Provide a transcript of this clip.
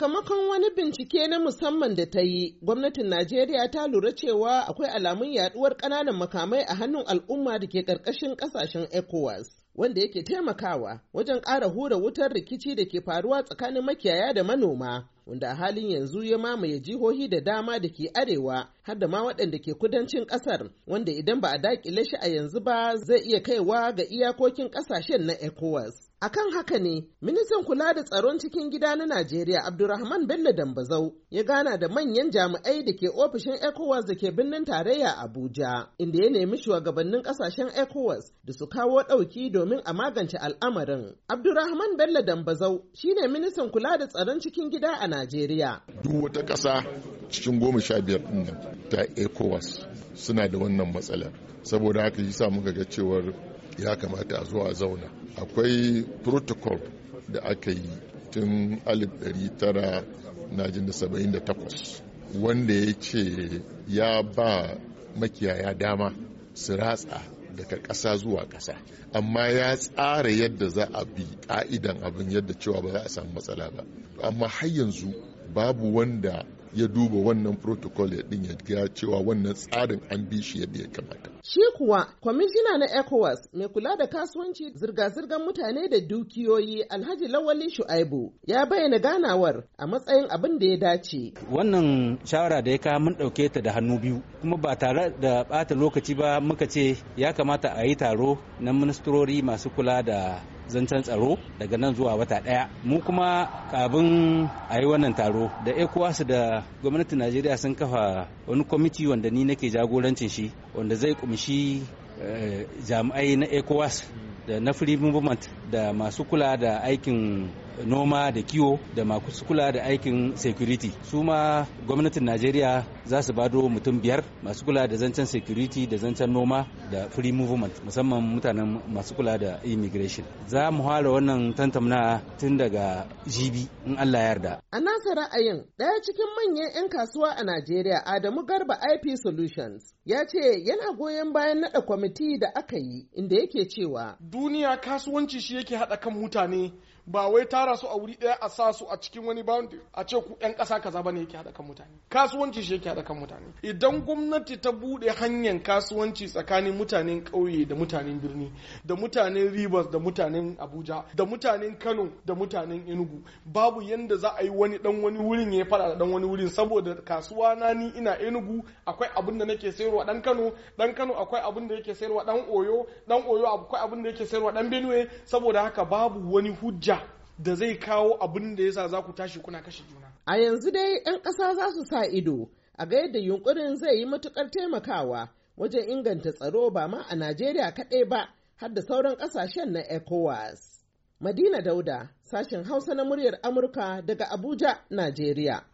Sakamakon wani bincike na musamman da ta yi, gwamnatin Najeriya ta lura cewa akwai alamun yaduwar ƙananan makamai a hannun al'umma da ke ƙarƙashin ƙasashen ECOWAS, wanda yake taimakawa wajen ƙara hura wutar rikici da ke faruwa tsakanin makiyaya da manoma, wanda a halin yanzu ya mamaye jihohi da dama da ke arewa har da ma waɗanda ke kudancin ƙasar, wanda idan ba a daƙile shi a yanzu ba zai iya kaiwa ga iyakokin ƙasashen na ECOWAS. Akan haka ne, ministan kula da tsaron cikin gida na Najeriya Abdulrahman Bello Dambazau ya gana da manyan jami'ai da ke ofishin ECOWAS da ke birnin tarayya Abuja, inda ya nemi shugabannin kasashen ECOWAS da su kawo ɗauki domin a magance al'amarin. Abdulrahman Bello Dambazau shine ministan kula da tsaron cikin gida a Najeriya. Duk wata ƙasa cikin goma sha biyar ta ECOWAS suna da wannan matsalar. Saboda haka yi sa muka ga cewar ya kamata a zuwa zauna akwai protocol da aka yi tun 1978 wanda ya ce ya ba makiyaya dama su ratsa daga ƙasa zuwa ƙasa amma ya tsara yadda za a bi ƙa'idan abin yadda cewa ba za a samu matsala ba amma har yanzu babu wanda ya duba wannan protocol ya din ya cewa wannan tsarin an bi shi yadda ya kamata. Shi kuwa kwamishina na ECOWAS mai kula da kasuwanci zirga-zirgar mutane da dukiyoyi Alhaji Lawali Shu'aibu ya bayyana ganawar a matsayin abin da ya dace. Wannan shawara da ya kawo mun ɗauke ta da hannu biyu kuma ba tare da bata lokaci ba muka ce ya kamata a yi taro na ministrori masu kula da zancen tsaro daga nan zuwa wata ɗaya mu kuma kabin a yi wannan taro da ecowas da gwamnatin najeriya sun kafa wani kwamiti wanda ni nake jagorancin shi wanda zai kumshi eh, jami'ai na ecowas da na free movement da masu kula da aikin noma da kiwo da masu kula da aikin security su ma gwamnatin najeriya za su bado mutum biyar masu kula da zancen security da zancen noma da free movement musamman mutanen masu kula da immigration za mu hala wannan tantamna tun daga jibi in allah yarda a nasa ra'ayin daya cikin manyan 'yan kasuwa a najeriya adamu garba ip solutions ya ce yana goyon bayan nada kwamiti da aka yi inda yake cewa duniya kasuwanci shi yake haɗa kan mutane ba wai tara su a wuri ɗaya a sa su a cikin wani boundary a ce ku ɗan ƙasa kaza bane yake haɗa kan mutane kasuwanci shi yake haɗa kan mutane idan gwamnati ta buɗe hanyar kasuwanci tsakanin mutanen ƙauye da mutanen birni da mutanen Rivers da mutanen Abuja da mutanen Kano da mutanen Enugu babu yanda za a yi wani dan wani wurin ya fara da dan wani wurin saboda kasuwa na ni ina Enugu akwai abin da nake sayarwa dan Kano dan Kano akwai abin da yake sayarwa dan Oyo dan Oyo akwai abin da yake sayarwa dan Benue saboda haka babu wani hujja da zai kawo abin da yasa za ku tashi kuna kashe juna. A yanzu dai 'yan ƙasa za su sa ido a ga yadda yunkurin zai yi matukar taimakawa wajen inganta tsaro ba ma a Najeriya kaɗai ba har da sauran ƙasashen na ECOWAS. Madina Dauda, sashen Hausa na muryar Amurka daga Abuja, Najeriya.